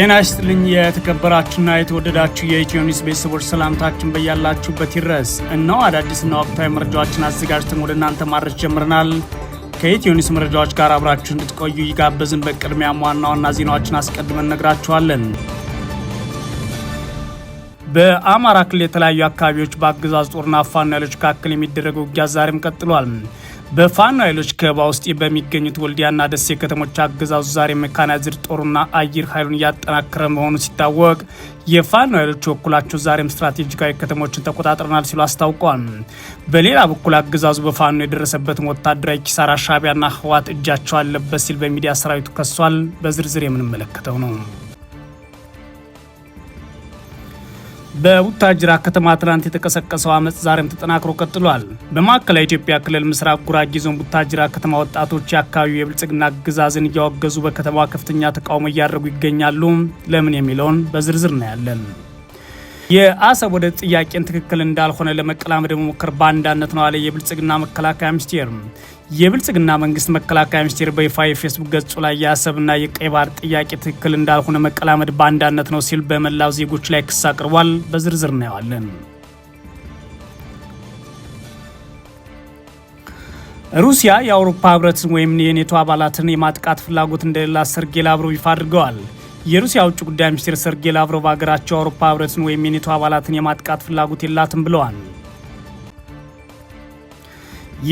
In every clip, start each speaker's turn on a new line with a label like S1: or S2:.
S1: ጤና ይስጥልኝ የተከበራችሁና የተወደዳችሁ የኢትዮ ኒውስ ቤተሰቦች ሰላምታችን በያላችሁበት ይድረስ። እነሆ አዳዲስና ወቅታዊ መረጃዎችን አዘጋጅተን ወደ እናንተ ማድረስ ጀምረናል። ከኢትዮ ኒውስ መረጃዎች ጋር አብራችሁ እንድትቆዩ ይጋበዝን። በቅድሚያም ዋና ዋና ዜናዎችን አስቀድመን እነግራችኋለን። በአማራ ክልል የተለያዩ አካባቢዎች በአገዛዝ ጦርና ፋኖ ኃይሎች መካከል የሚደረገው ውጊያ ዛሬም ቀጥሏል። በፋኖ ኃይሎች ከበባ ውስጥ በሚገኙት ወልዲያና ደሴ ከተሞች አገዛዙ ዛሬ መካናይዝድ ጦሩና አየር ኃይሉን እያጠናከረ መሆኑ ሲታወቅ የፋኖ ኃይሎች በኩላቸው ዛሬም ስትራቴጂካዊ ከተሞችን ተቆጣጥረናል ሲሉ አስታውቋል። በሌላ በኩል አገዛዙ በፋኖ የደረሰበትን ወታደራዊ ኪሳራ ሻቢያና ህዋት እጃቸው አለበት ሲል በሚዲያ ሰራዊቱ ከሷል። በዝርዝር የምንመለከተው ነው። በቡታጅራ ከተማ ትናንት የተቀሰቀሰው አመፅ ዛሬም ተጠናክሮ ቀጥሏል። በማዕከላዊ ኢትዮጵያ ክልል ምስራቅ ጉራጌ ዞን ቡታጅራ ከተማ ወጣቶች የአካባቢው የብልጽግና አገዛዝን እያወገዙ በከተማዋ ከፍተኛ ተቃውሞ እያደረጉ ይገኛሉ። ለምን የሚለውን በዝርዝር እናያለን። የአሰብ ወደብ ጥያቄን ትክክል እንዳልሆነ ለመቀላመድ መሞከር ባንዳነት ነው አለ የብልጽግና መከላከያ ሚኒስቴር። የብልጽግና መንግስት መከላከያ ሚኒስቴር በይፋ የፌስቡክ ገጹ ላይ የአሰብና የቀይ ባህር ጥያቄ ትክክል እንዳልሆነ መቀላመድ ባንዳነት ነው ሲል በመላው ዜጎች ላይ ክስ አቅርቧል። በዝርዝር እናየዋለን። ሩሲያ የአውሮፓ ህብረት ወይም የኔቶ አባላትን የማጥቃት ፍላጎት እንደሌላ ሰርጌ ላቭሮቭ ይፋ አድርገዋል። የሩሲያ ውጭ ጉዳይ ሚኒስትር ሰርጌ ላቭሮቭ አገራቸው የአውሮፓ ህብረትን ወይም የኔቶ አባላትን የማጥቃት ፍላጎት የላትም ብለዋል።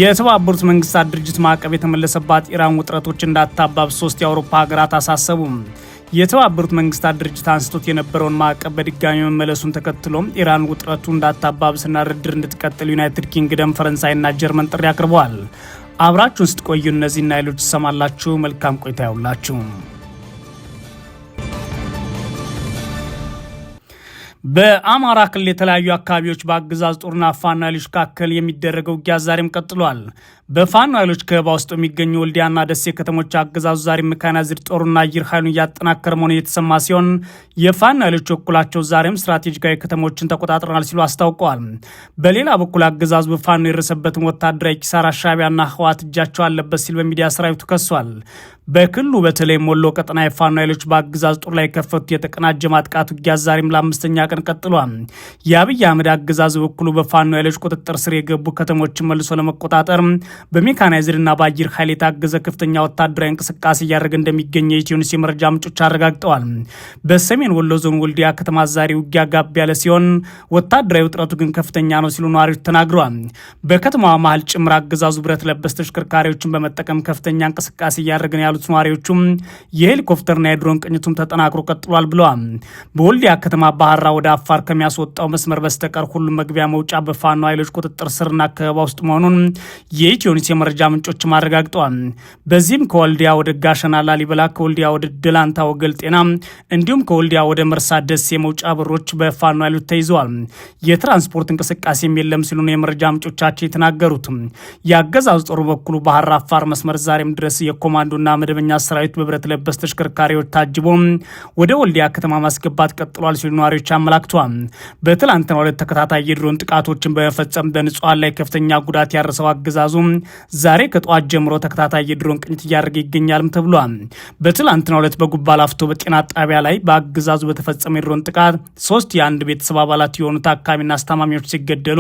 S1: የተባበሩት መንግስታት ድርጅት ማዕቀብ የተመለሰባት ኢራን ውጥረቶች እንዳታባብ ሶስት የአውሮፓ ሀገራት አሳሰቡም። የተባበሩት መንግስታት ድርጅት አንስቶት የነበረውን ማዕቀብ በድጋሚ መመለሱን ተከትሎም ኢራን ውጥረቱ እንዳታባብስና ድርድር እንድትቀጥል ዩናይትድ ኪንግደም፣ ፈረንሳይና ጀርመን ጥሪ አቅርበዋል። አብራችሁን ስትቆዩ እነዚህና ሌሎች ትሰማላችሁ። መልካም ቆይታ ያውላችሁ። በአማራ ክልል የተለያዩ አካባቢዎች በአገዛዝ ጦርና ፋኖ ኃይሎች መካከል የሚደረገው ውጊያ ዛሬም ቀጥሏል። በፋኖ ኃይሎች ከበባ ውስጥ የሚገኙ ወልዲያና ደሴ ከተሞች አገዛዙ ዛሬ መካናይዝድ ጦሩና አየር ኃይሉን እያጠናከረ መሆኑ የተሰማ ሲሆን የፋኖ ኃይሎች በኩላቸው ዛሬም ስትራቴጂካዊ ከተሞችን ተቆጣጥረናል ሲሉ አስታውቀዋል። በሌላ በኩል አገዛዙ በፋኖ የደረሰበትን ወታደራዊ ኪሳራ ሻቢያና ህወሓት እጃቸው አለበት ሲል በሚዲያ ሰራዊቱ ከሷል። በክልሉ በተለይም ወሎ ቀጠና የፋኖ ኃይሎች በአገዛዝ ጦር ላይ የከፈቱት የተቀናጀ ማጥቃት ውጊያ ዛሬም ለአምስተኛ ቀን ቀጥሏል። የአብይ አህመድ አገዛዝ በኩሉ በፋኖ ኃይሎች ቁጥጥር ስር የገቡ ከተሞችን መልሶ ለመቆጣጠር በሜካናይዝድና በአየር ኃይል የታገዘ ከፍተኛ ወታደራዊ እንቅስቃሴ እያደረገ እንደሚገኝ የኢትዮኒውስ የመረጃ ምንጮች አረጋግጠዋል። በሰሜን ወሎ ዞን ወልዲያ ከተማ ዛሬ ውጊያ ጋብ ያለ ሲሆን ወታደራዊ ውጥረቱ ግን ከፍተኛ ነው ሲሉ ነዋሪዎች ተናግረዋል። በከተማዋ መሀል ጭምር አገዛዙ ብረት ለበስ ተሽከርካሪዎችን በመጠቀም ከፍተኛ እንቅስቃሴ እያደረገ ነው ያሉት ነዋሪዎቹም የሄሊኮፕተርና የድሮን ቅኝቱም ተጠናክሮ ቀጥሏል ብለዋል። በወልዲያ ከተማ ባህራ ወደ አፋር ከሚያስወጣው መስመር በስተቀር ሁሉም መግቢያ መውጫ በፋኖ ኃይሎች ቁጥጥር ስርና ከበባ ውስጥ መሆኑን የኢትዮኒስ የመረጃ ምንጮችም አረጋግጠዋል። በዚህም ከወልዲያ ወደ ጋሸና ላሊበላ፣ ከወልዲያ ወደ ደላንታ ወገል ጤና እንዲሁም ከወልዲያ ወደ መርሳ ደሴ የመውጫ በሮች በፋኖ ኃይሎች ተይዘዋል። የትራንስፖርት እንቅስቃሴም የለም ሲሉ ነው የመረጃ ምንጮቻቸው የተናገሩት። የአገዛዙ ጦሩ በኩሉ ባህር አፋር መስመር ዛሬም ድረስ የኮማንዶና መደበኛ ሰራዊት በብረት ለበስ ተሽከርካሪዎች ታጅቦ ወደ ወልዲያ ከተማ ማስገባት ቀጥሏል ሲሉ ነዋሪዎች አመላክቷል። በትላንትና ሁለት ተከታታይ የድሮን ጥቃቶችን በመፈጸም በንጹሐን ላይ ከፍተኛ ጉዳት ያረሰው አገዛዙ ዛሬ ከጠዋት ጀምሮ ተከታታይ የድሮን ቅኝት እያደረገ ይገኛልም ተብሏል። በትላንትና ሁለት በጉባ ላፍቶ በጤና ጣቢያ ላይ በአገዛዙ በተፈጸመ የድሮን ጥቃት ሶስት የአንድ ቤተሰብ አባላት የሆኑ ታካሚና አስታማሚዎች ሲገደሉ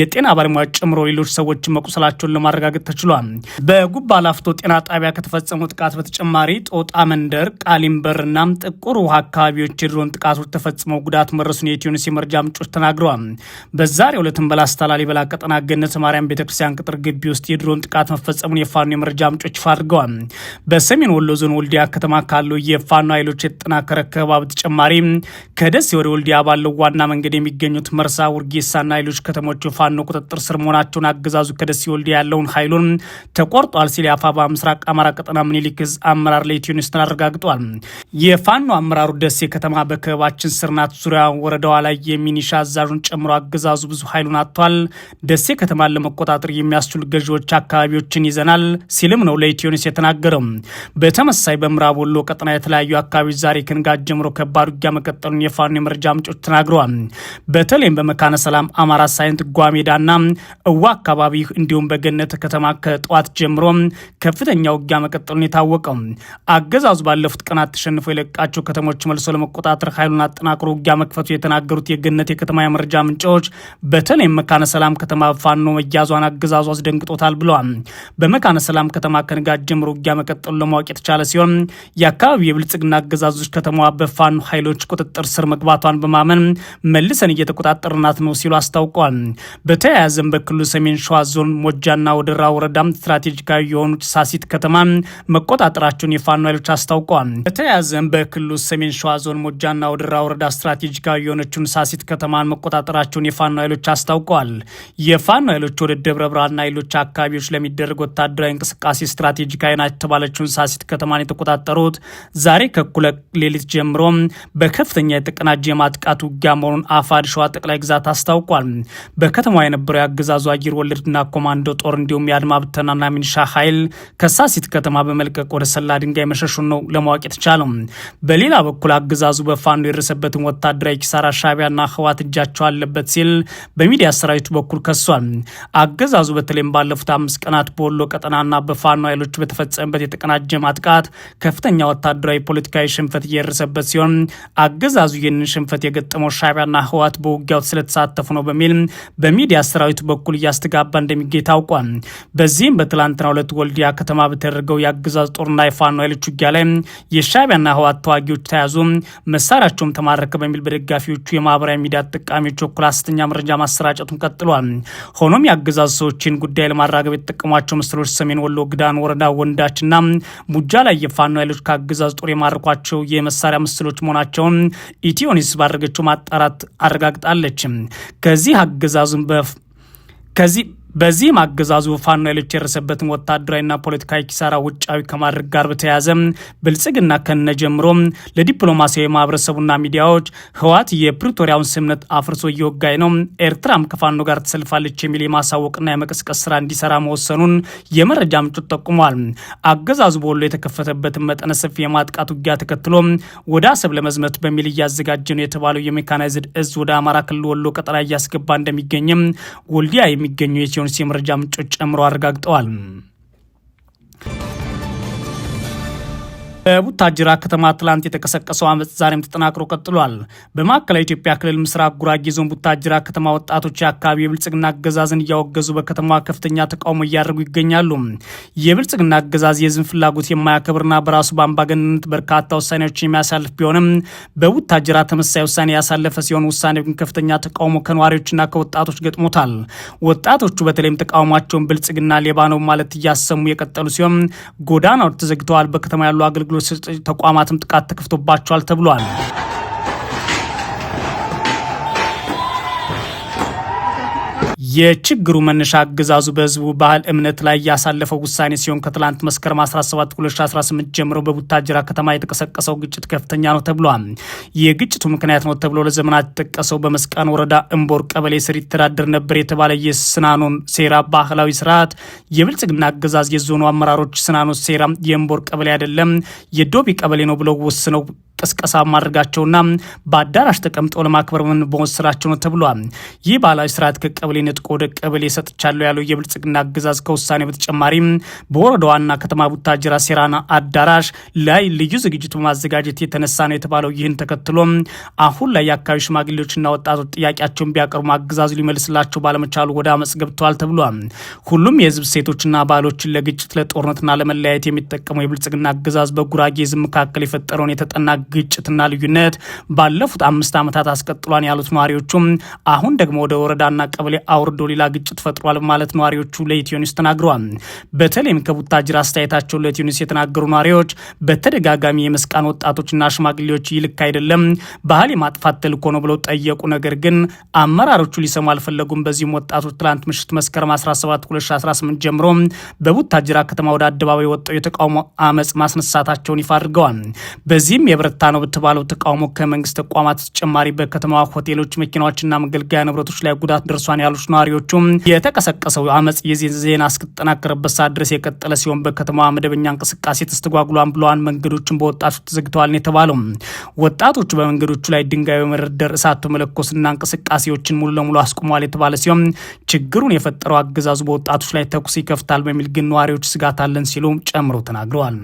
S1: የጤና ባለሙያዎች ጨምሮ ሌሎች ሰዎች መቁሰላቸውን ለማረጋገጥ ተችሏል። በጉባ ላፍቶ ጤና ጣቢያ ከተፈጸሙ ከድሮን ጥቃት በተጨማሪ ጦጣ መንደር፣ ቃሊምበርና ጥቁር ውሃ አካባቢዎች የድሮን ጥቃቶች ተፈጽመው ጉዳት መረሱን የኢትዮኒስ የመረጃ ምንጮች ተናግረዋል። በዛሬ ዕለትም በላስታ ላሊበላ ቀጠና ገነት ማርያም ቤተክርስቲያን ቅጥር ግቢ ውስጥ የድሮን ጥቃት መፈጸሙን የፋኖ የመረጃ ምንጮች ይፋ አድርገዋል። በሰሜን ወሎ ዞን ወልዲያ ከተማ ካሉ የፋኖ ኃይሎች የተጠናከረ ከበባ በተጨማሪ ከደሴ ወደ ወልዲያ ባለው ዋና መንገድ የሚገኙት መርሳ፣ ውርጌሳና ሌሎች ከተሞች የፋኖ ቁጥጥር ስር መሆናቸውን አገዛዙ ከደሴ ወልዲያ ያለውን ኃይሉን ተቆርጧል ሲል የአፋባ ምስራቅ አማራ ቀጠና ምን ምኒልክ እዝ አመራር ለኢትዮኒውስትን አረጋግጧል። የፋኖ አመራሩ ደሴ ከተማ በክበባችን ስርናት ዙሪያ ወረዳዋ ላይ የሚኒሻ አዛዡን ጨምሮ አገዛዙ ብዙ ኃይሉን አጥቷል። ደሴ ከተማን ለመቆጣጠር የሚያስችሉ ገዢዎች አካባቢዎችን ይዘናል ሲልም ነው ለኢትዮኒስ የተናገረው። በተመሳይ በምዕራብ ወሎ ቀጠና የተለያዩ አካባቢዎች ዛሬ ከንጋት ጀምሮ ከባድ ውጊያ መቀጠሉን የፋኖ የመረጃ ምንጮች ተናግረዋል። በተለይም በመካነ ሰላም አማራ ሳይንት ጓሜዳና እዋ አካባቢ እንዲሁም በገነት ከተማ ከጠዋት ጀምሮ ከፍተኛ ውጊያ መቀጠሉ መቀጠሉን የታወቀው አገዛዙ ባለፉት ቀናት ተሸንፎ የለቃቸው ከተሞች መልሶ ለመቆጣጠር ኃይሉን አጠናክሮ ውጊያ መክፈቱ የተናገሩት የገነት የከተማ የመረጃ ምንጮች በተለይም መካነ ሰላም ከተማ ፋኖ መያዟን አገዛዙ አስደንግጦታል ብለዋል። በመካነ ሰላም ከተማ ከንጋት ጀምሮ ውጊያ መቀጠሉ ለማወቅ የተቻለ ሲሆን የአካባቢ የብልጽግና አገዛዞች ከተማዋ በፋኖ ኃይሎች ቁጥጥር ስር መግባቷን በማመን መልሰን እየተቆጣጠርናት ነው ሲሉ አስታውቀዋል። በተያያዘም በክልሉ ሰሜን ሸዋ ዞን ሞጃና ወደራ ወረዳም ስትራቴጂካዊ የሆኑት ሳሲት ከተማ መቆጣጠራቸውን የፋኖ ኃይሎች አስታውቀዋል። በተያያዘም በክልሉ ሰሜን ሸዋ ዞን ሞጃና ወደራ ወረዳ ስትራቴጂካዊ የሆነችውን ሳሲት ከተማን መቆጣጠራቸውን የፋኖ ኃይሎች አስታውቀዋል። የፋኖ ኃይሎች ወደ ደብረ ብርሃንና ሌሎች አካባቢዎች ለሚደረግ ወታደራዊ እንቅስቃሴ ስትራቴጂካዊ ናት የተባለችውን ሳሲት ከተማን የተቆጣጠሩት ዛሬ ከኩለ ሌሊት ጀምሮ በከፍተኛ የተቀናጀ የማጥቃት ውጊያ መሆኑን አፋድ ሸዋ ጠቅላይ ግዛት አስታውቋል። በከተማ የነበረው የአገዛዙ አየር ወለድና ኮማንዶ ጦር እንዲሁም የአድማ ብተናና ሚኒሻ ኃይል ከሳሲት ከተማ በመልቀቅ ወደ ሰላ ድንጋይ መሸሹን ነው ለማወቅ የተቻለው። በሌላ በኩል አገዛዙ በፋኖ የደረሰበትን ወታደራዊ ኪሳራ ሻቢያና ህዋት እጃቸው አለበት ሲል በሚዲያ ሰራዊቱ በኩል ከሷል። አገዛዙ በተለይም ባለፉት አምስት ቀናት በወሎ ቀጠናና በፋኖ ኃይሎች በተፈጸመበት የተቀናጀ ማጥቃት ከፍተኛ ወታደራዊ፣ ፖለቲካዊ ሽንፈት እየደረሰበት ሲሆን አገዛዙ ይህንን ሽንፈት የገጠመው ሻቢያና ህዋት በውጊያው ስለተሳተፉ ነው በሚል በሚዲያ ሰራዊቱ በኩል እያስተጋባ እንደሚገኝ ታውቋል። በዚህም በትላንትና ሁለት ወልዲያ ከተማ በተደረገው አገዛዝ ጦርና የፋኖ ኃይሎች ውጊያ ላይ የሻቢያና ህወሓት ተዋጊዎች ተያዙ፣ መሳሪያቸውም ተማረከ በሚል በደጋፊዎቹ የማህበራዊ ሚዲያ ተጠቃሚዎች በኩል ሐሰተኛ መረጃ ማሰራጨቱን ቀጥሏል። ሆኖም የአገዛዝ ሰዎችን ጉዳይ ለማራገብ የተጠቀሟቸው ምስሎች ሰሜን ወሎ ግዳን ወረዳ ወንዳችና ሙጃ ላይ የፋኖ ኃይሎች ከአገዛዝ ጦር የማረኳቸው የመሳሪያ ምስሎች መሆናቸውን ኢትዮኒስ ባደረገችው ማጣራት አረጋግጣለች። ከዚህ አገዛዙን በ ከዚህ በዚህም አገዛዙ ፋኖ ኃይሎች የደረሰበትን ወታደራዊና ፖለቲካዊ ኪሳራ ውጫዊ ከማድረግ ጋር በተያያዘ ብልጽግና ከነ ጀምሮ ለዲፕሎማሲያዊ ማህበረሰቡና ሚዲያዎች ህወሓት የፕሪቶሪያውን ስምነት አፍርሶ እየወጋኝ ነው፣ ኤርትራም ከፋኖ ጋር ተሰልፋለች የሚል የማሳወቅና የመቀስቀስ ስራ እንዲሰራ መወሰኑን የመረጃ ምንጮች ጠቁመዋል። አገዛዙ በወሎ የተከፈተበትን መጠነ ሰፊ የማጥቃት ውጊያ ተከትሎ ወደ አሰብ ለመዝመት በሚል እያዘጋጀ ነው የተባለው የሜካናይዝድ እዝ ወደ አማራ ክልል ወሎ ቀጠና እያስገባ እንደሚገኝም ወልዲያ የሚገኙ የሲሆን የቢቢሲ መረጃ ምንጮች ጨምሮ አረጋግጠዋል። በቡታጅራ ከተማ ትላንት የተቀሰቀሰው አመፅ ዛሬም ተጠናክሮ ቀጥሏል። በማዕከላዊ ኢትዮጵያ ክልል ምስራቅ ጉራጌ ዞን ቡታጅራ ከተማ ወጣቶች አካባቢ የብልጽግና አገዛዝን እያወገዙ በከተማዋ ከፍተኛ ተቃውሞ እያደረጉ ይገኛሉ። የብልጽግና አገዛዝ የህዝብ ፍላጎት የማያከብርና በራሱ በአምባገንነት በርካታ ውሳኔዎች የሚያሳልፍ ቢሆንም በቡታጅራ ተመሳሳይ ውሳኔ ያሳለፈ ሲሆን ውሳኔው ግን ከፍተኛ ተቃውሞ ከነዋሪዎችና ከወጣቶች ገጥሞታል። ወጣቶቹ በተለይም ተቃውሟቸውን ብልጽግና ሌባ ነው ማለት እያሰሙ የቀጠሉ ሲሆን ጎዳናዎች ተዘግተዋል። በከተማ ያሉ አገልግሎት አገልግሎት ተቋማትም ጥቃት ተከፍቶባቸዋል ተብሏል። የችግሩ መነሻ አገዛዙ በህዝቡ ባህል እምነት ላይ ያሳለፈው ውሳኔ ሲሆን ከትላንት መስከረም 17 2018 ጀምሮ በቡታጅራ ከተማ የተቀሰቀሰው ግጭት ከፍተኛ ነው ተብሏል። የግጭቱ ምክንያት ነው ተብሎ ለዘመናት የተጠቀሰው በመስቃን ወረዳ እምቦር ቀበሌ ስር ይተዳደር ነበር የተባለ የስናኖን ሴራ ባህላዊ ስርዓት የብልጽግና አገዛዝ የዞኑ አመራሮች ስናኖ ሴራ የእምቦር ቀበሌ አይደለም የዶቢ ቀበሌ ነው ብለው ወስነው ቅስቀሳ ማድረጋቸውና በአዳራሽ ተቀምጠው ለማክበር መወሰናቸው ነው ተብሏል። ይህ ባህላዊ ስርዓት ከቀበሌ ነጥቆ ወደ ቀበሌ ሰጥቻለሁ ያለው የብልጽግና አገዛዝ ከውሳኔ በተጨማሪ በወረዳ ዋና ከተማ ቡታጅራ ሴራና አዳራሽ ላይ ልዩ ዝግጅት በማዘጋጀት የተነሳ ነው የተባለው። ይህን ተከትሎ አሁን ላይ የአካባቢ ሽማግሌዎችና ወጣቶች ጥያቄያቸውን ቢያቀርቡ አገዛዙ ሊመልስላቸው ባለመቻሉ ወደ አመፅ ገብተዋል ተብሏል። ሁሉም የህዝብ ሴቶችና ባህሎችን ለግጭት ለጦርነትና ለመለያየት የሚጠቀመው የብልጽግና አገዛዝ በጉራጌ ህዝብ መካከል የፈጠረውን የተጠና ግጭትና ልዩነት ባለፉት አምስት ዓመታት አስቀጥሏን ያሉት ነዋሪዎቹም አሁን ደግሞ ወደ ወረዳና ቀበሌ አውርዶ ሌላ ግጭት ፈጥሯል ማለት ነዋሪዎቹ ለኢትዮ ኒውስ ተናግረዋል። በተለይም ከቡታጅራ አስተያየታቸውን ለኢትዮ ኒውስ የተናገሩ ነዋሪዎች በተደጋጋሚ የመስቃን ወጣቶችና ሽማግሌዎች ይልክ አይደለም ባህል የማጥፋት ተልእኮ ነው ብለው ጠየቁ። ነገር ግን አመራሮቹ ሊሰሙ አልፈለጉም። በዚህም ወጣቶች ትላንት ምሽት መስከረም 17 2018 ጀምሮ በቡታጅራ ከተማ ወደ አደባባይ ወጣው የተቃውሞ አመፅ ማስነሳታቸውን ይፋ አድርገዋል። በዚህም የብረት እየበረታ ነው በተባለው ተቃውሞ ከመንግስት ተቋማት ተጨማሪ በከተማዋ ሆቴሎች፣ መኪናዎችና መገልገያ ንብረቶች ላይ ጉዳት ደርሷን ያሉት ነዋሪዎቹም የተቀሰቀሰው አመፅ የዚህ ዜና እስከተጠናከረበት ሰዓት ድረስ የቀጠለ ሲሆን በከተማዋ መደበኛ እንቅስቃሴ ተስተጓጉሏን ብለዋን መንገዶችን በወጣቶች ተዘግተዋል ነው የተባለው። ወጣቶቹ በመንገዶቹ ላይ ድንጋይ በመደርደር እሳት መለኮስና እንቅስቃሴዎችን ሙሉ ለሙሉ አስቁመዋል የተባለ ሲሆን ችግሩን የፈጠረው አገዛዙ በወጣቶች ላይ ተኩስ ይከፍታል በሚል ግን ነዋሪዎች ስጋት አለን ሲሉ ጨምረው ተናግረዋል።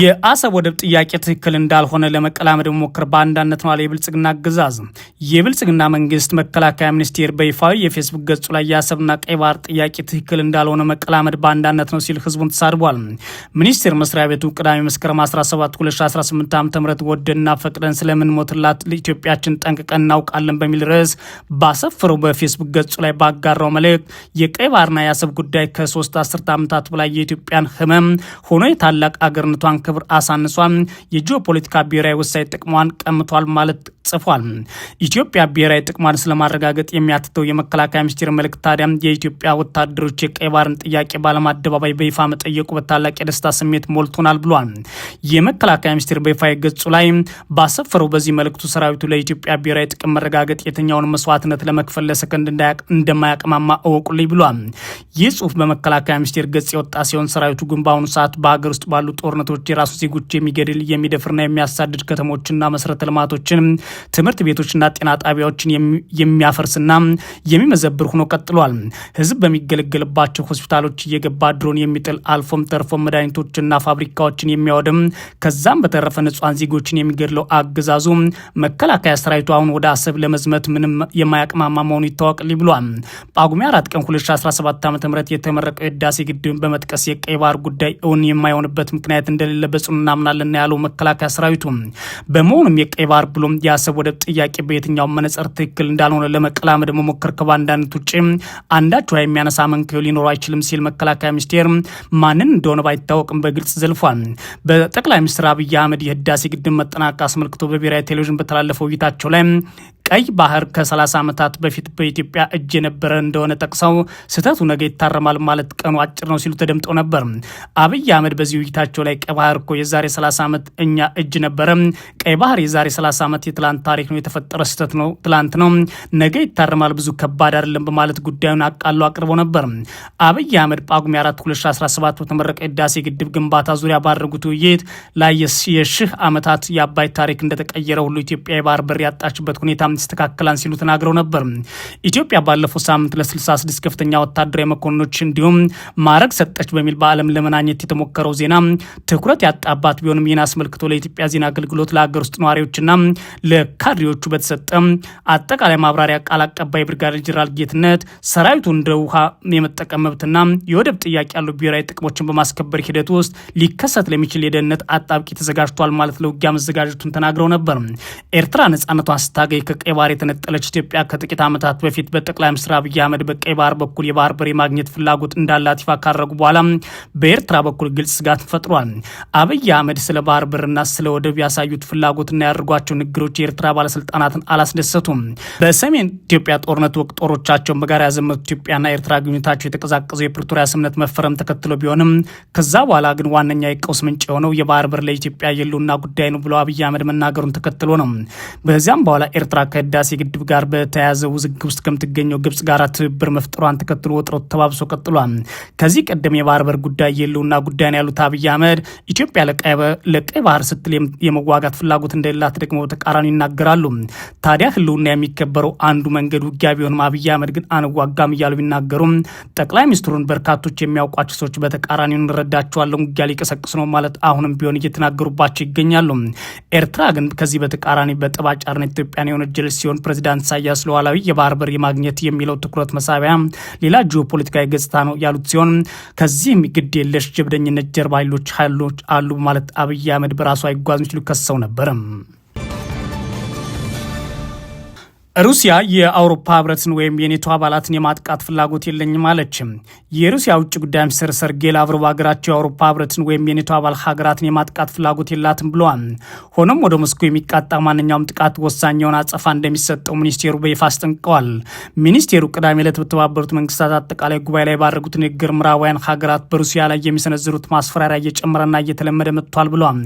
S1: የአሰብ ወደብ ጥያቄ ትክክል እንዳልሆነ ለመቀላመድ መሞከር በአንዳነት ነው አለ የብልጽግና አገዛዝ። የብልጽግና መንግስት መከላከያ ሚኒስቴር በይፋዊ የፌስቡክ ገጹ ላይ የአሰብና ቀይ ባህር ጥያቄ ትክክል እንዳልሆነ መቀላመድ በአንዳነት ነው ሲል ህዝቡን ተሳድቧል። ሚኒስቴር መስሪያ ቤቱ ቅዳሜ መስከረም 17 2018 ዓ ም ወደና ፈቅደን ስለምንሞትላት ለኢትዮጵያችን ጠንቅቀን እናውቃለን በሚል ርዕስ ባሰፈረው በፌስቡክ ገጹ ላይ ባጋራው መልእክት የቀይ ባህርና የአሰብ ጉዳይ ከሶስት አስርት ዓመታት በላይ የኢትዮጵያን ህመም ሆኖ የታላቅ አገርነቷን የራሷን ክብር አሳንሷል፣ የጂኦፖለቲካ ብሔራዊ ወሳኝ ጥቅሟን ቀምቷል ማለት ጽፏል። ኢትዮጵያ ብሔራዊ ጥቅሟን ስለማረጋገጥ የሚያትተው የመከላከያ ሚኒስቴር መልእክት ታዲያ የኢትዮጵያ ወታደሮች የቀይ ባህርን ጥያቄ በዓለም አደባባይ በይፋ መጠየቁ በታላቅ የደስታ ስሜት ሞልቶናል ብሏል። የመከላከያ ሚኒስቴር በይፋ ገጹ ላይ ባሰፈረው በዚህ መልእክቱ ሰራዊቱ ለኢትዮጵያ ብሔራዊ ጥቅም መረጋገጥ የትኛውን መስዋዕትነት ለመክፈል ለሰከንድ እንደማያቅማማ እወቁልኝ ብሏል። ይህ ጽሁፍ በመከላከያ ሚኒስቴር ገጽ የወጣ ሲሆን ሰራዊቱ ግን በአሁኑ ሰዓት በሀገር ውስጥ ባሉ ጦርነቶች ዜጎች የራሱ ዜጎች የሚገድል የሚደፍርና የሚያሳድድ ከተሞችና መሰረተ ልማቶችን ትምህርት ቤቶችና ጤና ጣቢያዎችን የሚያፈርስና የሚመዘብር ሆኖ ቀጥሏል። ህዝብ በሚገለገልባቸው ሆስፒታሎች እየገባ ድሮን የሚጥል አልፎም ተርፎ መድኃኒቶችና ፋብሪካዎችን የሚያወድም ከዛም በተረፈ ንጹሐን ዜጎችን የሚገድለው አገዛዙ መከላከያ ሰራዊቱ አሁን ወደ አሰብ ለመዝመት ምንም የማያቅማማ መሆኑ ይታወቅል ብሏል። ጳጉሜ አራት ቀን 2017 ዓ ም የተመረቀው የህዳሴ ግድብን በመጥቀስ የቀይ ባህር ጉዳይ እውን የማይሆንበት ምክንያት እንደሌለ እንደሌለ በጽኑ እናምናለን ያለው መከላከያ ሰራዊቱ በመሆኑም የቀይ ባህር ብሎም የአሰብ ወደብ ጥያቄ በየትኛው መነጽር ትክክል እንዳልሆነ ለመቀላመድ መሞከር ከባንዳነት ውጭ አንዳቸው የሚያነሳ መንከዩ ሊኖሩ አይችልም ሲል መከላከያ ሚኒስቴር ማንን እንደሆነ ባይታወቅም በግልጽ ዘልፏል። በጠቅላይ ሚኒስትር አብይ አህመድ የህዳሴ ግድብ መጠናቀቅ አስመልክቶ በብሔራዊ ቴሌቪዥን በተላለፈው ውይይታቸው ላይ ቀይ ባህር ከ30 ዓመታት በፊት በኢትዮጵያ እጅ የነበረ እንደሆነ ጠቅሰው ስህተቱ ነገ ይታረማል ማለት ቀኑ አጭር ነው ሲሉ ተደምጠው ነበር። አብይ አህመድ በዚህ ውይይታቸው ላይ ቀይ ባህር እኮ የዛሬ 30 ዓመት እኛ እጅ ነበረ። ቀይ ባህር የዛሬ 30 ዓመት የትላንት ታሪክ ነው፣ የተፈጠረ ስህተት ነው፣ ትላንት ነው፣ ነገ ይታረማል፣ ብዙ ከባድ አይደለም በማለት ጉዳዩን አቃሎ አቅርበው ነበር። አብይ አህመድ ጳጉሜ 4 2017 በተመረቀ የህዳሴ ግድብ ግንባታ ዙሪያ ባደረጉት ውይይት ላይ የሺህ ዓመታት የአባይ ታሪክ እንደተቀየረ ሁሉ ኢትዮጵያ የባህር በር ያጣችበት ሁኔታ ይስተካከላል ሲሉ ተናግረው ነበር። ኢትዮጵያ ባለፈው ሳምንት ለ66 ከፍተኛ ወታደራዊ መኮንኖች እንዲሁም ማዕረግ ሰጠች በሚል በዓለም ለመናኘት የተሞከረው ዜና ትኩረት ያጣባት ቢሆንም ይህን አስመልክቶ ለኢትዮጵያ ዜና አገልግሎት ለሀገር ውስጥ ነዋሪዎችና ለካድሬዎቹ በተሰጠ አጠቃላይ ማብራሪያ ቃል አቀባይ ብርጋዴር ጄኔራል ጌትነት ሰራዊቱ እንደ ውሃ የመጠቀም መብትና የወደብ ጥያቄ ያሉ ብሔራዊ ጥቅሞችን በማስከበር ሂደት ውስጥ ሊከሰት ለሚችል የደህንነት አጣብቂ ተዘጋጅቷል ማለት ለውጊያ መዘጋጀቱን ተናግረው ነበር። ኤርትራ ነጻነቷን ስታገኝ ከቀይ ባህር የተነጠለች ኢትዮጵያ ከጥቂት ዓመታት በፊት በጠቅላይ ሚኒስትር አብይ አህመድ በቀይ ባህር በኩል የባህር በር የማግኘት ፍላጎት እንዳላት ይፋ ካረጉ በኋላ በኤርትራ በኩል ግልጽ ስጋት ፈጥሯል። አብይ አህመድ ስለ ባህር በርና ስለ ወደብ ያሳዩት ፍላጎትና ያደርጓቸው ንግግሮች የኤርትራ ባለስልጣናትን አላስደሰቱም። በሰሜን ኢትዮጵያ ጦርነት ወቅት ጦሮቻቸውን በጋራ ያዘመቱ ኢትዮጵያና ኤርትራ ግንኙነታቸው የተቀዛቀዘው የፕሪቶሪያ ስምምነት መፈረም ተከትሎ ቢሆንም ከዛ በኋላ ግን ዋነኛ የቀውስ ምንጭ የሆነው የባህር በር ለኢትዮጵያ የሉና ጉዳይ ነው ብሎ አብይ አህመድ መናገሩን ተከትሎ ነው። በዚያም በኋላ ኤርትራ ከህዳሴ ግድብ ጋር በተያያዘ ውዝግብ ውስጥ ከምትገኘው ግብጽ ጋር ትብብር መፍጠሯን ተከትሎ ውጥረቱ ተባብሶ ቀጥሏል። ከዚህ ቀደም የባህር በር ጉዳይ የለውና ጉዳይ ነው ያሉት አብይ አህመድ ኢትዮጵያ ለቀይ ባህር ስትል የመዋጋት ፍላጎት እንደሌላት ደግሞ በተቃራኒ ይናገራሉ። ታዲያ ህልውና የሚከበረው አንዱ መንገድ ውጊያ ቢሆንም አብይ አህመድ ግን አንዋጋም እያሉ ቢናገሩም ጠቅላይ ሚኒስትሩን በርካቶች የሚያውቋቸው ሰዎች በተቃራኒ እንረዳቸዋለን ውጊያ ሊቀሰቅስ ነው ማለት አሁንም ቢሆን እየተናገሩባቸው ይገኛሉ። ኤርትራ ግን ከዚህ በተቃራኒ በጠባጫርነት ኢትዮጵያን የሆነ የሚችል ሲሆን ፕሬዚዳንት ኢሳያስ ለኋላዊ የባህር በር ማግኘት የሚለው ትኩረት መሳቢያ ሌላ ጂኦፖለቲካዊ ገጽታ ነው ያሉት ሲሆን ከዚህም ግድ የለሽ ጀብደኝነት ጀርባ ሌሎች ኃይሎች አሉ በማለት አብይ አህመድ በራሱ አይጓዝ ሲሉ ከሰው ነበርም። ሩሲያ የአውሮፓ ህብረትን ወይም የኔቶ አባላትን የማጥቃት ፍላጎት የለኝም አለችም። የሩሲያ ውጭ ጉዳይ ሚኒስትር ሰርጌይ ላቭሮቭ ሀገራቸው የአውሮፓ ህብረትን ወይም የኔቶ አባል ሀገራትን የማጥቃት ፍላጎት የላትም ብለዋል። ሆኖም ወደ ሞስኮ የሚቃጣ ማንኛውም ጥቃት ወሳኝ የሆነ አጸፋ እንደሚሰጠው ሚኒስቴሩ በይፋ አስጠንቅቀዋል። ሚኒስቴሩ ቅዳሜ ዕለት በተባበሩት መንግስታት አጠቃላይ ጉባኤ ላይ ባደረጉት ንግግር ምዕራባውያን ሀገራት በሩሲያ ላይ የሚሰነዝሩት ማስፈራሪያ እየጨመረና እየተለመደ መጥቷል ብለዋል።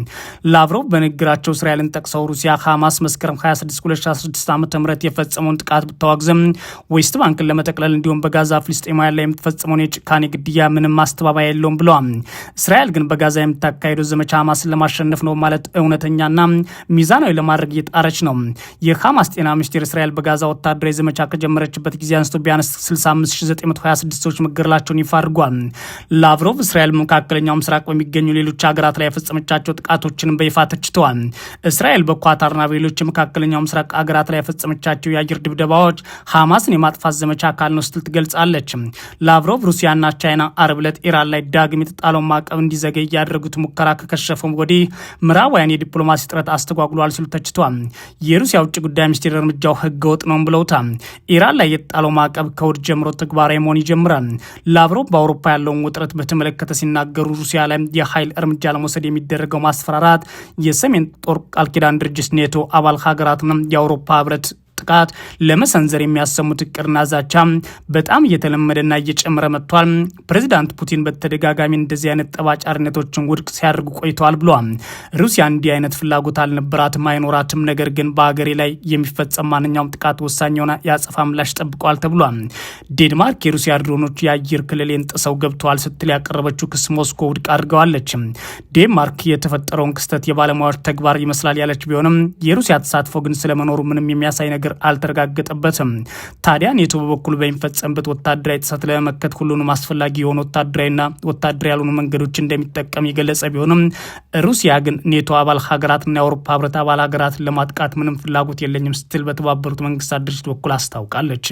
S1: ላቭሮቭ በንግግራቸው እስራኤልን ጠቅሰው ሩሲያ ሐማስ መስከረም 26 2016 ዓ ም የምትፈጸመውን ጥቃት ብታዋግዘም ዌስት ባንክን ለመጠቅለል እንዲሁም በጋዛ ፍልስጤማውያን ላይ የምትፈጽመውን የጭካኔ ግድያ ምንም ማስተባበያ የለውም ብለዋል። እስራኤል ግን በጋዛ የምታካሄደው ዘመቻ ሐማስን ለማሸነፍ ነው ማለት እውነተኛና ሚዛናዊ ለማድረግ እየጣረች ነው። የሐማስ ጤና ሚኒስቴር እስራኤል በጋዛ ወታደራዊ ዘመቻ ከጀመረችበት ጊዜ አንስቶ ቢያንስ 65926 ሰዎች መገደላቸውን ይፋ አድርጓል። ላቭሮቭ እስራኤል መካከለኛው ምስራቅ በሚገኙ ሌሎች ሀገራት ላይ የፈጸመቻቸው ጥቃቶችንም በይፋ ተችተዋል። እስራኤል በኳታርና በሌሎች የመካከለኛው ምስራቅ ሀገራት ላይ የፈጸመቻቸው የፈጸመቻቸው የአየር ድብደባዎች ሐማስን የማጥፋት ዘመቻ አካል ነው ስትል ትገልጻለች። ላቭሮቭ ሩሲያና ቻይና አርብ ዕለት ኢራን ላይ ዳግም የተጣለውን ማዕቀብ እንዲዘገይ ያደረጉት ሙከራ ከከሸፈም ወዲህ ምዕራባውያን የዲፕሎማሲ ጥረት አስተጓጉሏል ሲሉ ተችቷል። የሩሲያ ውጭ ጉዳይ ሚኒስቴር እርምጃው ህገወጥ ነው ብለውታል። ኢራን ላይ የተጣለው ማዕቀብ ከውድ ጀምሮ ተግባራዊ መሆን ይጀምራል። ላቭሮቭ በአውሮፓ ያለውን ውጥረት በተመለከተ ሲናገሩ ሩሲያ ላይ የኃይል እርምጃ ለመውሰድ የሚደረገው ማስፈራራት የሰሜን ጦር ቃል ኪዳን ድርጅት ኔቶ አባል ሀገራትና የአውሮፓ ህብረት ጥቃት ለመሰንዘር የሚያሰሙት እቅድና ዛቻ በጣም እየተለመደና እየጨመረ መጥቷል። ፕሬዚዳንት ፑቲን በተደጋጋሚ እንደዚህ አይነት ጠባጫሪነቶችን ውድቅ ሲያደርጉ ቆይተዋል ብሏል። ሩሲያ እንዲህ አይነት ፍላጎት አልነበራትም አይኖራትም። ነገር ግን በሀገሬ ላይ የሚፈጸም ማንኛውም ጥቃት ወሳኝ የሆነ የአጸፋ ምላሽ ጠብቋል ተብሏል። ዴንማርክ የሩሲያ ድሮኖች የአየር ክልሌን ጥሰው ገብተዋል ስትል ያቀረበችው ክስ ሞስኮ ውድቅ አድርገዋለች። ዴንማርክ የተፈጠረውን ክስተት የባለሙያዎች ተግባር ይመስላል ያለች ቢሆንም የሩሲያ ተሳትፎ ግን ስለመኖሩ ምንም የሚያሳይ ነገር ንግግር አልተረጋገጠበትም። ታዲያ ኔቶ በበኩሉ በሚፈጸምበት ወታደራዊ ጥሰት ለመመከት ሁሉንም አስፈላጊ የሆኑ ወታደራዊና ወታደራዊ ያልሆኑ መንገዶች እንደሚጠቀም የገለጸ ቢሆንም ሩሲያ ግን ኔቶ አባል ሀገራትና የአውሮፓ ህብረት አባል ሀገራትን ለማጥቃት ምንም ፍላጎት የለኝም ስትል በተባበሩት መንግስታት ድርጅት በኩል አስታውቃለች።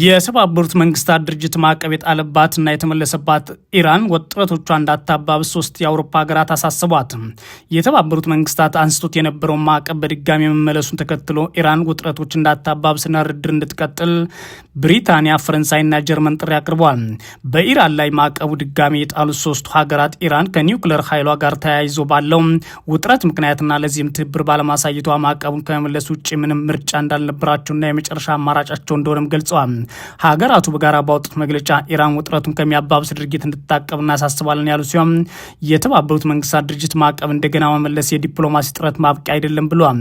S1: የተባበሩት መንግስታት ድርጅት ማዕቀብ የጣለባትና የተመለሰባት ኢራን ወጥረቶቿ እንዳታባብስ ሶስት የአውሮፓ ሀገራት አሳስቧት። የተባበሩት መንግስታት አንስቶት የነበረውን ማዕቀብ በድጋሚ መመለሱን ተከትሎ ኢራን ውጥረቶች እንዳታባብስና ድርድር እንድትቀጥል ብሪታንያ፣ ፈረንሳይና ጀርመን ጥሪ አቅርቧል። በኢራን ላይ ማዕቀቡ ድጋሚ የጣሉት ሶስቱ ሀገራት ኢራን ከኒውክሌር ኃይሏ ጋር ተያይዞ ባለው ውጥረት ምክንያትና ለዚህም ትብብር ባለማሳየቷ ማዕቀቡን ከመመለስ ውጭ ምንም ምርጫ እንዳልነበራቸውና የመጨረሻ አማራጫቸው እንደሆነም ገልጸዋል። ሀገራቱ በጋራ ባወጡት መግለጫ ኢራን ውጥረቱን ከሚያባብስ ድርጊት እንድትታቀብ እናሳስባለን ያሉ ሲሆን የተባበሩት መንግስታት ድርጅት ማዕቀብ እንደገና መመለስ የዲፕሎማሲ ጥረት ማብቂያ አይደለም ብሏል።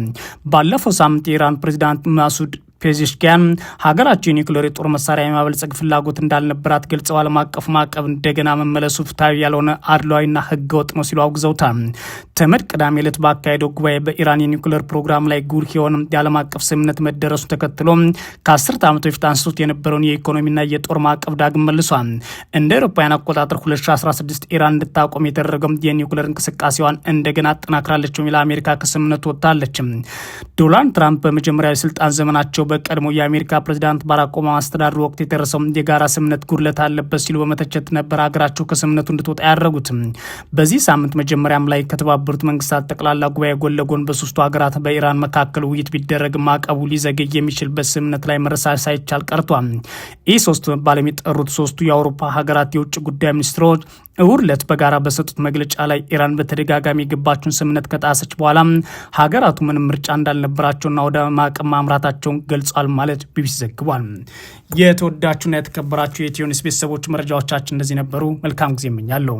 S1: ባለፈው ሳምንት የኢራን ፕሬዚዳንት ማሱድ ፔዚሽኪያን ሀገራቸው የኒውክሌር የጦር መሳሪያ የማበልጸግ ፍላጎት እንዳልነበራት ገልጸው ዓለም ማዕቀብ እንደገና መመለሱ ፍትሐዊ ያልሆነ አድሏዊና ህገ ወጥ ነው ሲሉ አውግዘውታል። ተመድ ቅዳሜ ዕለት ባካሄደው ጉባኤ በኢራን የኒውክሌር ፕሮግራም ላይ ጉልህ የሆነ የዓለም አቀፍ ስምምነት መደረሱ ተከትሎ ከአስርት ዓመት በፊት አንስቶት የነበረውን የኢኮኖሚና የጦር ማዕቀብ ዳግም መልሷል። እንደ አውሮፓውያን አቆጣጠር 2016 ኢራን እንድታቆም የተደረገው የኒውክሌር እንቅስቃሴዋን እንደገና አጠናክራለች የሚል አሜሪካ ከስምምነቱ ወጥታለች። ዶናልድ ትራምፕ በመጀመሪያ የስልጣን ዘመናቸው በቀድሞ የአሜሪካ ፕሬዚዳንት ባራክ ኦባማ አስተዳደር ወቅት የደረሰው የጋራ ስምምነት ጉድለት አለበት ሲሉ በመተቸት ነበር ሀገራቸው ከስምምነቱ እንድትወጣ ያደረጉትም። በዚህ ሳምንት መጀመሪያም ላይ ከተባበሩት መንግስታት ጠቅላላ ጉባኤ ጎን ለጎን በሶስቱ ሀገራት በኢራን መካከል ውይይት ቢደረግ ማዕቀቡ ሊዘገይ የሚችልበት ስምምነት ላይ መረሳት ሳይቻል ቀርቷል። ይህ ሶስት መባል የሚጠሩት ሶስቱ የአውሮፓ ሀገራት የውጭ ጉዳይ ሚኒስትሮች እሁድ ዕለት በጋራ በሰጡት መግለጫ ላይ ኢራን በተደጋጋሚ የገባችውን ስምምነት ከጣሰች በኋላ ሀገራቱ ምንም ምርጫ እንዳልነበራቸውና ወደ ማዕቀብ ማምራታቸውን ገልጿል ማለት ቢቢሲ ዘግቧል። የተወዳችሁና የተከበራችሁ የኢትዮ ኒውስ ቤተሰቦች መረጃዎቻችን እንደዚህ ነበሩ። መልካም ጊዜ እመኛለሁ።